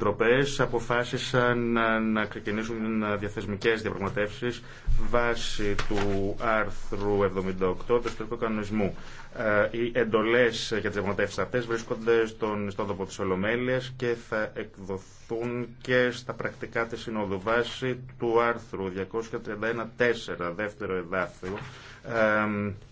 ντροπέ αποφάσισαν να ξεκινήσουν διαθεσμικέ διαπραγματεύσει βάσει του άρθρου 78 του ιστορικού κανονισμού. Ε, οι εντολέ για τι διαπραγματεύσει αυτέ βρίσκονται στον ιστότοπο τη Ολομέλεια και θα εκδοθούν και στα πρακτικά τη Συνόδου βάσει του άρθρου 231.4 δεύτερο εδάφιο ε,